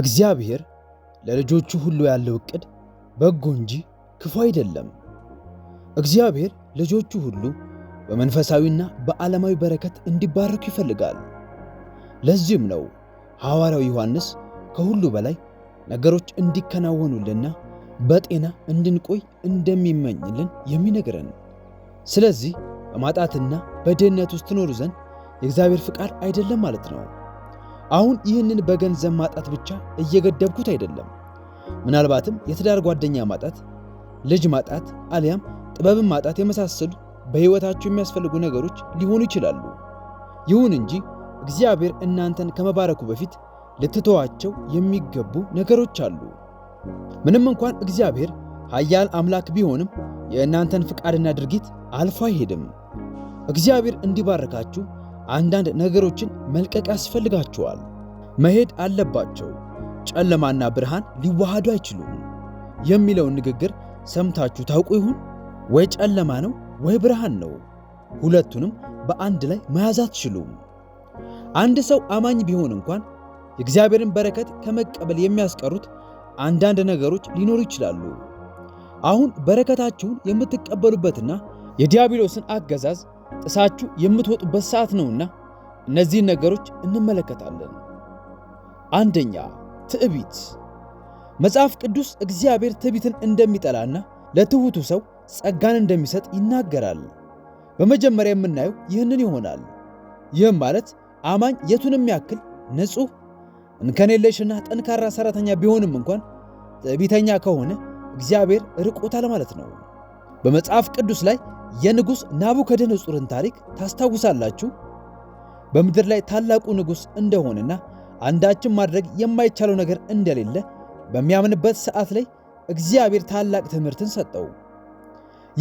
እግዚአብሔር ለልጆቹ ሁሉ ያለው እቅድ በጎ እንጂ ክፉ አይደለም። እግዚአብሔር ልጆቹ ሁሉ በመንፈሳዊና በዓለማዊ በረከት እንዲባረኩ ይፈልጋል። ለዚህም ነው ሐዋርያው ዮሐንስ ከሁሉ በላይ ነገሮች እንዲከናወኑልና በጤና እንድንቆይ እንደሚመኝልን የሚነግረን። ስለዚህ በማጣትና በድህነት ውስጥ ትኖሩ ዘንድ የእግዚአብሔር ፍቃድ አይደለም ማለት ነው። አሁን ይህንን በገንዘብ ማጣት ብቻ እየገደብኩት አይደለም። ምናልባትም የትዳር ጓደኛ ማጣት፣ ልጅ ማጣት፣ አሊያም ጥበብን ማጣት የመሳሰሉ በሕይወታችሁ የሚያስፈልጉ ነገሮች ሊሆኑ ይችላሉ። ይሁን እንጂ እግዚአብሔር እናንተን ከመባረኩ በፊት ልትተዋቸው የሚገቡ ነገሮች አሉ። ምንም እንኳን እግዚአብሔር ኃያል አምላክ ቢሆንም የእናንተን ፍቃድና ድርጊት አልፎ አይሄድም። እግዚአብሔር እንዲባርካችሁ አንዳንድ ነገሮችን መልቀቅ ያስፈልጋቸዋል። መሄድ አለባቸው። ጨለማና ብርሃን ሊዋሃዱ አይችሉም የሚለውን ንግግር ሰምታችሁ ታውቁ ይሆን? ወይ ጨለማ ነው ወይ ብርሃን ነው። ሁለቱንም በአንድ ላይ መያዝ አትችሉም። አንድ ሰው አማኝ ቢሆን እንኳን የእግዚአብሔርን በረከት ከመቀበል የሚያስቀሩት አንዳንድ ነገሮች ሊኖሩ ይችላሉ። አሁን በረከታችሁን የምትቀበሉበትና የዲያብሎስን አገዛዝ ጥሳችሁ የምትወጡበት ሰዓት ነውና እነዚህን ነገሮች እንመለከታለን። አንደኛ ትዕቢት። መጽሐፍ ቅዱስ እግዚአብሔር ትዕቢትን እንደሚጠላና ለትሑቱ ሰው ጸጋን እንደሚሰጥ ይናገራል። በመጀመሪያ የምናየው ይህንን ይሆናል። ይህም ማለት አማኝ የቱንም ያክል ንጹሕ እንከን የለሽና ጠንካራ ሠራተኛ ቢሆንም እንኳን ትዕቢተኛ ከሆነ እግዚአብሔር ርቆታል ማለት ነው። በመጽሐፍ ቅዱስ ላይ የንጉሥ ናቡከደነጹርን ታሪክ ታስታውሳላችሁ? በምድር ላይ ታላቁ ንጉሥ እንደሆነና አንዳችን ማድረግ የማይቻለው ነገር እንደሌለ በሚያምንበት ሰዓት ላይ እግዚአብሔር ታላቅ ትምህርትን ሰጠው።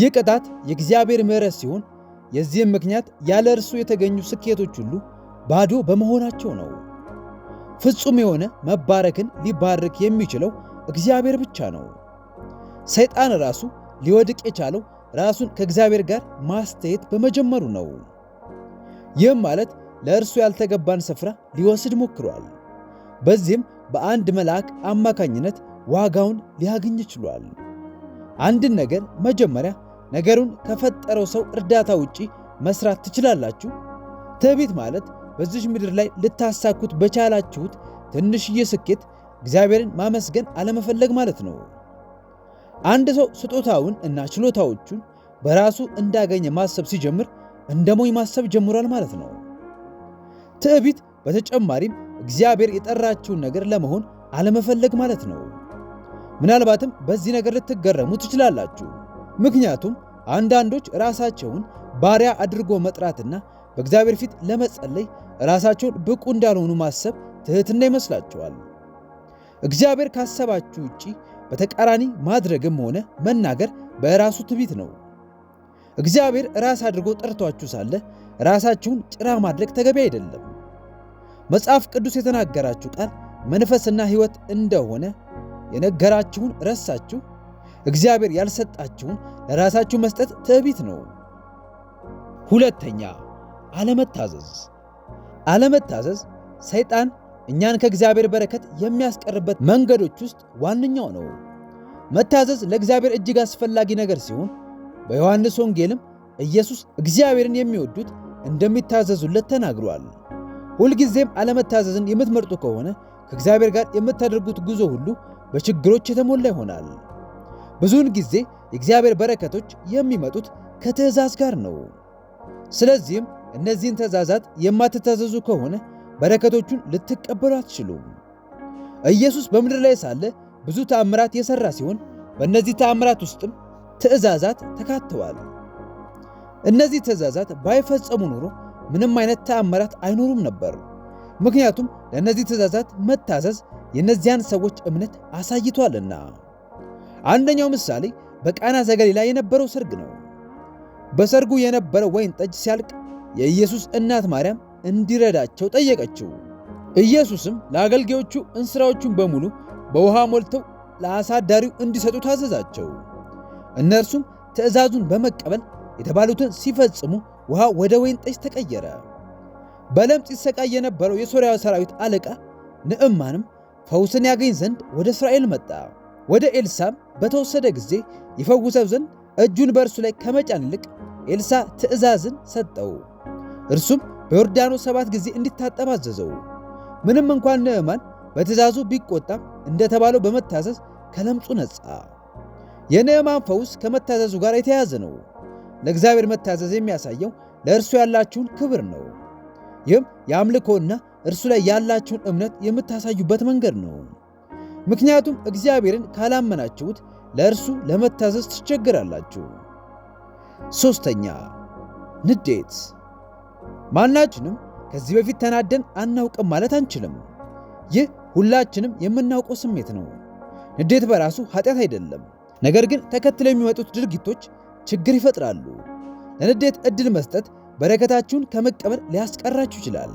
ይህ ቅጣት የእግዚአብሔር ምሕረት ሲሆን የዚህም ምክንያት ያለ እርሱ የተገኙ ስኬቶች ሁሉ ባዶ በመሆናቸው ነው። ፍጹም የሆነ መባረክን ሊባርክ የሚችለው እግዚአብሔር ብቻ ነው። ሰይጣን ራሱ ሊወድቅ የቻለው ራሱን ከእግዚአብሔር ጋር ማስተያየት በመጀመሩ ነው። ይህም ማለት ለእርሱ ያልተገባን ስፍራ ሊወስድ ሞክሯል። በዚህም በአንድ መልአክ አማካኝነት ዋጋውን ሊያገኝ ችሏል። አንድን ነገር መጀመሪያ ነገሩን ከፈጠረው ሰው እርዳታ ውጪ መስራት ትችላላችሁ? ትዕቢት ማለት በዚች ምድር ላይ ልታሳኩት በቻላችሁት ትንሽዬ ስኬት እግዚአብሔርን ማመስገን አለመፈለግ ማለት ነው። አንድ ሰው ስጦታውን እና ችሎታዎቹን በራሱ እንዳገኘ ማሰብ ሲጀምር እንደ ሞኝ ማሰብ ጀምሯል ማለት ነው። ትዕቢት በተጨማሪም እግዚአብሔር የጠራችውን ነገር ለመሆን አለመፈለግ ማለት ነው። ምናልባትም በዚህ ነገር ልትገረሙ ትችላላችሁ። ምክንያቱም አንዳንዶች ራሳቸውን ባሪያ አድርጎ መጥራትና በእግዚአብሔር ፊት ለመጸለይ ራሳቸውን ብቁ እንዳልሆኑ ማሰብ ትሕትና ይመስላችኋል። እግዚአብሔር ካሰባችሁ ውጪ በተቃራኒ ማድረግም ሆነ መናገር በራሱ ትቢት ነው። እግዚአብሔር ራስ አድርጎ ጠርቷችሁ ሳለ ራሳችሁን ጭራ ማድረግ ተገቢ አይደለም። መጽሐፍ ቅዱስ የተናገራችሁ ቃል መንፈስና ሕይወት እንደሆነ የነገራችሁን ረሳችሁ። እግዚአብሔር ያልሰጣችሁን ለራሳችሁ መስጠት ትዕቢት ነው። ሁለተኛ፣ አለመታዘዝ። አለመታዘዝ ሰይጣን እኛን ከእግዚአብሔር በረከት የሚያስቀርበት መንገዶች ውስጥ ዋነኛው ነው። መታዘዝ ለእግዚአብሔር እጅግ አስፈላጊ ነገር ሲሆን በዮሐንስ ወንጌልም ኢየሱስ እግዚአብሔርን የሚወዱት እንደሚታዘዙለት ተናግሯል። ሁልጊዜም አለመታዘዝን የምትመርጡ ከሆነ ከእግዚአብሔር ጋር የምታደርጉት ጉዞ ሁሉ በችግሮች የተሞላ ይሆናል። ብዙውን ጊዜ የእግዚአብሔር በረከቶች የሚመጡት ከትእዛዝ ጋር ነው። ስለዚህም እነዚህን ትእዛዛት የማትታዘዙ ከሆነ በረከቶቹን ልትቀበሉ አትችሉም። ኢየሱስ በምድር ላይ ሳለ ብዙ ተአምራት የሠራ ሲሆን በእነዚህ ተአምራት ውስጥም ትእዛዛት ተካተዋል። እነዚህ ትእዛዛት ባይፈጸሙ ኖሮ ምንም አይነት ተአምራት አይኖሩም ነበር። ምክንያቱም ለእነዚህ ትእዛዛት መታዘዝ የእነዚያን ሰዎች እምነት አሳይቷልና። አንደኛው ምሳሌ በቃና ዘገሊላ የነበረው ሰርግ ነው። በሰርጉ የነበረው ወይን ጠጅ ሲያልቅ የኢየሱስ እናት ማርያም እንዲረዳቸው ጠየቀችው። ኢየሱስም ለአገልጋዮቹ እንስራዎቹን በሙሉ በውሃ ሞልተው ለአሳዳሪው እንዲሰጡ ታዘዛቸው። እነርሱም ትእዛዙን በመቀበል የተባሉትን ሲፈጽሙ ውሃ ወደ ወይን ጠጅ ተቀየረ። በለምጽ ይሰቃይ የነበረው የሶርያ ሰራዊት አለቃ ንዕማንም ፈውስን ያገኝ ዘንድ ወደ እስራኤል መጣ። ወደ ኤልሳም በተወሰደ ጊዜ ይፈውሰው ዘንድ እጁን በእርሱ ላይ ከመጫን ይልቅ ኤልሳ ትእዛዝን ሰጠው። እርሱም በዮርዳኖስ ሰባት ጊዜ እንዲታጠብ አዘዘው። ምንም እንኳን ንዕማን በትእዛዙ ቢቆጣም እንደተባለው በመታዘዝ ከለምጹ ነጻ። የንዕማን ፈውስ ከመታዘዙ ጋር የተያያዘ ነው። ለእግዚአብሔር መታዘዝ የሚያሳየው ለእርሱ ያላችሁን ክብር ነው። ይህም የአምልኮና እርሱ ላይ ያላችሁን እምነት የምታሳዩበት መንገድ ነው። ምክንያቱም እግዚአብሔርን ካላመናችሁት ለእርሱ ለመታዘዝ ትቸግራላችሁ። ሦስተኛ ንዴት ማናችንም ከዚህ በፊት ተናደን አናውቅም ማለት አንችልም። ይህ ሁላችንም የምናውቀው ስሜት ነው። ንዴት በራሱ ኃጢአት አይደለም። ነገር ግን ተከትለው የሚመጡት ድርጊቶች ችግር ይፈጥራሉ። ለንዴት ዕድል መስጠት በረከታችሁን ከመቀበል ሊያስቀራችሁ ይችላል።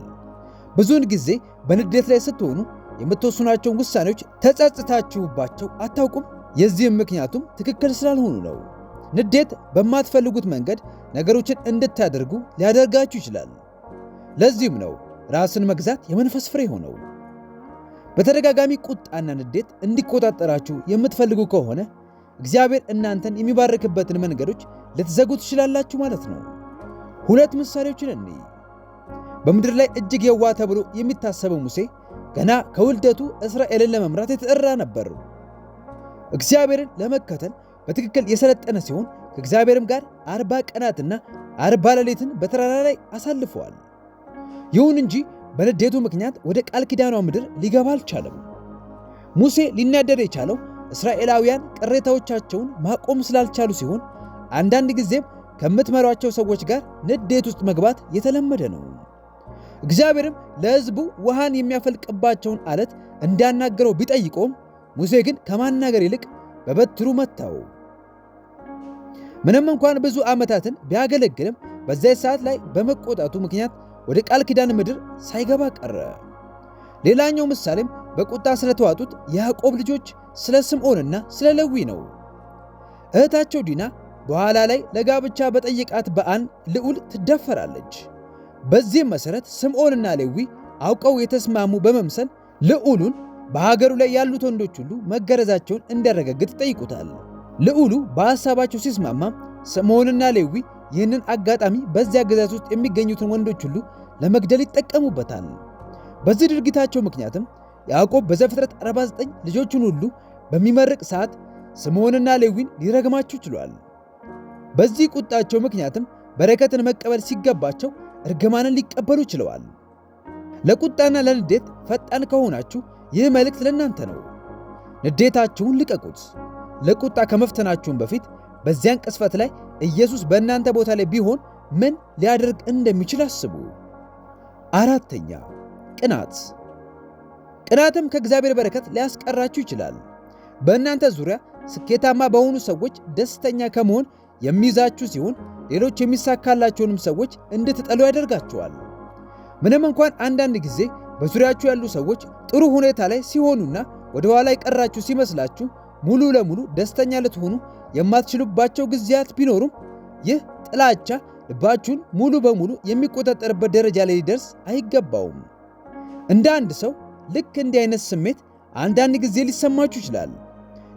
ብዙውን ጊዜ በንዴት ላይ ስትሆኑ የምትወስኗቸውን ውሳኔዎች ተጸጽታችሁባቸው አታውቁም። የዚህም ምክንያቱም ትክክል ስላልሆኑ ነው። ንዴት በማትፈልጉት መንገድ ነገሮችን እንድታደርጉ ሊያደርጋችሁ ይችላል። ለዚህም ነው ራስን መግዛት የመንፈስ ፍሬ ሆነው። በተደጋጋሚ ቁጣና ንዴት እንዲቆጣጠራችሁ የምትፈልጉ ከሆነ እግዚአብሔር እናንተን የሚባርክበትን መንገዶች ልትዘጉ ትችላላችሁ ማለት ነው። ሁለት ምሳሌዎችን እንይ። በምድር ላይ እጅግ የዋ ተብሎ የሚታሰበው ሙሴ ገና ከውልደቱ እስራኤልን ለመምራት የተጠራ ነበር። እግዚአብሔርን ለመከተል በትክክል የሰለጠነ ሲሆን ከእግዚአብሔርም ጋር አርባ ቀናትና አርባ ሌሊትን በተራራ ላይ አሳልፈዋል። ይሁን እንጂ በንዴቱ ምክንያት ወደ ቃል ኪዳኗ ምድር ሊገባ አልቻለም። ሙሴ ሊናደድ የቻለው እስራኤላውያን ቅሬታዎቻቸውን ማቆም ስላልቻሉ ሲሆን አንዳንድ ጊዜም ከምትመሯቸው ሰዎች ጋር ንዴት ውስጥ መግባት የተለመደ ነው። እግዚአብሔርም ለሕዝቡ ውሃን የሚያፈልቅባቸውን አለት እንዳናገረው ቢጠይቆም ሙሴ ግን ከማናገር ይልቅ በበትሩ መታው። ምንም እንኳን ብዙ ዓመታትን ቢያገለግልም በዚያ ሰዓት ላይ በመቆጣቱ ምክንያት ወደ ቃል ኪዳን ምድር ሳይገባ ቀረ። ሌላኛው ምሳሌም በቁጣ ስለተዋጡት የያዕቆብ ልጆች ስለ ስምዖንና ስለ ሌዊ ነው። እህታቸው ዲና በኋላ ላይ ለጋብቻ በጠየቃት በአንድ ልዑል ትደፈራለች። በዚህም መሠረት ስምዖንና ሌዊ አውቀው የተስማሙ በመምሰል ልዑሉን በሀገሩ ላይ ያሉት ወንዶች ሁሉ መገረዛቸውን እንዲያረጋግጥ ይጠይቁታል። ልዑሉ በሐሳባቸው ሲስማማ ስምዖንና ሌዊ ይህንን አጋጣሚ በዚያ አገዛዝ ውስጥ የሚገኙትን ወንዶች ሁሉ ለመግደል ይጠቀሙበታል። በዚህ ድርጊታቸው ምክንያትም ያዕቆብ በዘፍጥረት 49 ልጆቹን ሁሉ በሚመርቅ ሰዓት ስምዖንና ሌዊን ሊረግማቸው ችሏል። በዚህ ቁጣቸው ምክንያትም በረከትን መቀበል ሲገባቸው እርግማንን ሊቀበሉ ችለዋል። ለቁጣና ለንዴት ፈጣን ከሆናችሁ ይህ መልእክት ለእናንተ ነው። ንዴታችሁን ልቀቁት። ለቁጣ ከመፍተናችሁን በፊት በዚያን ቅስፈት ላይ ኢየሱስ በእናንተ ቦታ ላይ ቢሆን ምን ሊያደርግ እንደሚችል አስቡ። አራተኛ ቅናት። ቅናትም ከእግዚአብሔር በረከት ሊያስቀራችሁ ይችላል። በእናንተ ዙሪያ ስኬታማ በሆኑ ሰዎች ደስተኛ ከመሆን የሚይዛችሁ ሲሆን ሌሎች የሚሳካላቸውንም ሰዎች እንድትጠሉ ያደርጋችኋል። ምንም እንኳን አንዳንድ ጊዜ በዙሪያችሁ ያሉ ሰዎች ጥሩ ሁኔታ ላይ ሲሆኑና ወደ ኋላ የቀራችሁ ሲመስላችሁ ሙሉ ለሙሉ ደስተኛ ልትሆኑ የማትችሉባቸው ጊዜያት ቢኖሩም ይህ ጥላቻ ልባችሁን ሙሉ በሙሉ የሚቆጣጠርበት ደረጃ ላይ ሊደርስ አይገባውም። እንደ አንድ ሰው ልክ እንዲህ አይነት ስሜት አንዳንድ ጊዜ ሊሰማችሁ ይችላል።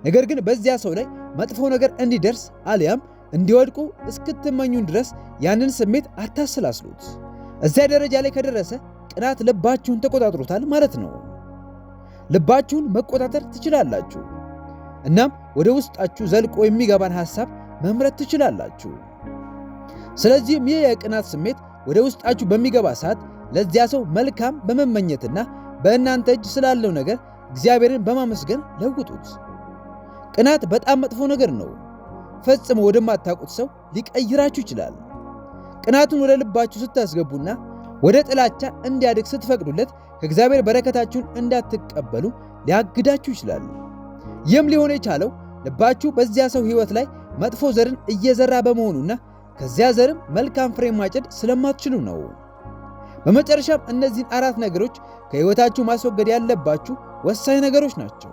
ነገር ግን በዚያ ሰው ላይ መጥፎ ነገር እንዲደርስ አሊያም እንዲወድቁ እስክትመኙን ድረስ ያንን ስሜት አታሰላስሉት። እዚያ ደረጃ ላይ ከደረሰ ቅናት ልባችሁን ተቆጣጥሮታል ማለት ነው። ልባችሁን መቆጣጠር ትችላላችሁ። እናም ወደ ውስጣችሁ ዘልቆ የሚገባን ሐሳብ መምረት ትችላላችሁ። ስለዚህም ይህ የቅናት ስሜት ወደ ውስጣችሁ በሚገባ ሰዓት ለዚያ ሰው መልካም በመመኘትና በእናንተ እጅ ስላለው ነገር እግዚአብሔርን በማመስገን ለውጡት። ቅናት በጣም መጥፎ ነገር ነው። ፈጽሞ ወደማታውቁት ሰው ሊቀይራችሁ ይችላል። ቅናቱን ወደ ልባችሁ ስታስገቡና ወደ ጥላቻ እንዲያድግ ስትፈቅዱለት ከእግዚአብሔር በረከታችሁን እንዳትቀበሉ ሊያግዳችሁ ይችላል። ይህም ሊሆን የቻለው ልባችሁ በዚያ ሰው ህይወት ላይ መጥፎ ዘርን እየዘራ በመሆኑና ከዚያ ዘርም መልካም ፍሬ ማጨድ ስለማትችሉ ነው። በመጨረሻም እነዚህን አራት ነገሮች ከህይወታችሁ ማስወገድ ያለባችሁ ወሳኝ ነገሮች ናቸው።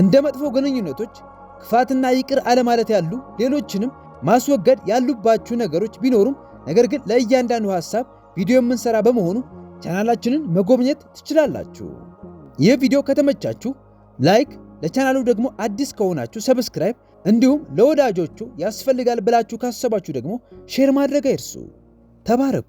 እንደ መጥፎ ግንኙነቶች፣ ክፋትና ይቅር አለማለት ያሉ ሌሎችንም ማስወገድ ያሉባችሁ ነገሮች ቢኖሩም ነገር ግን ለእያንዳንዱ ሐሳብ ቪዲዮ የምንሰራ በመሆኑ ቻናላችንን መጎብኘት ትችላላችሁ። ይህ ቪዲዮ ከተመቻችሁ ላይክ ለቻናሉ ደግሞ አዲስ ከሆናችሁ ሰብስክራይብ፣ እንዲሁም ለወዳጆቹ ያስፈልጋል ብላችሁ ካሰባችሁ ደግሞ ሼር ማድረግ አይርሱ። ተባረኩ።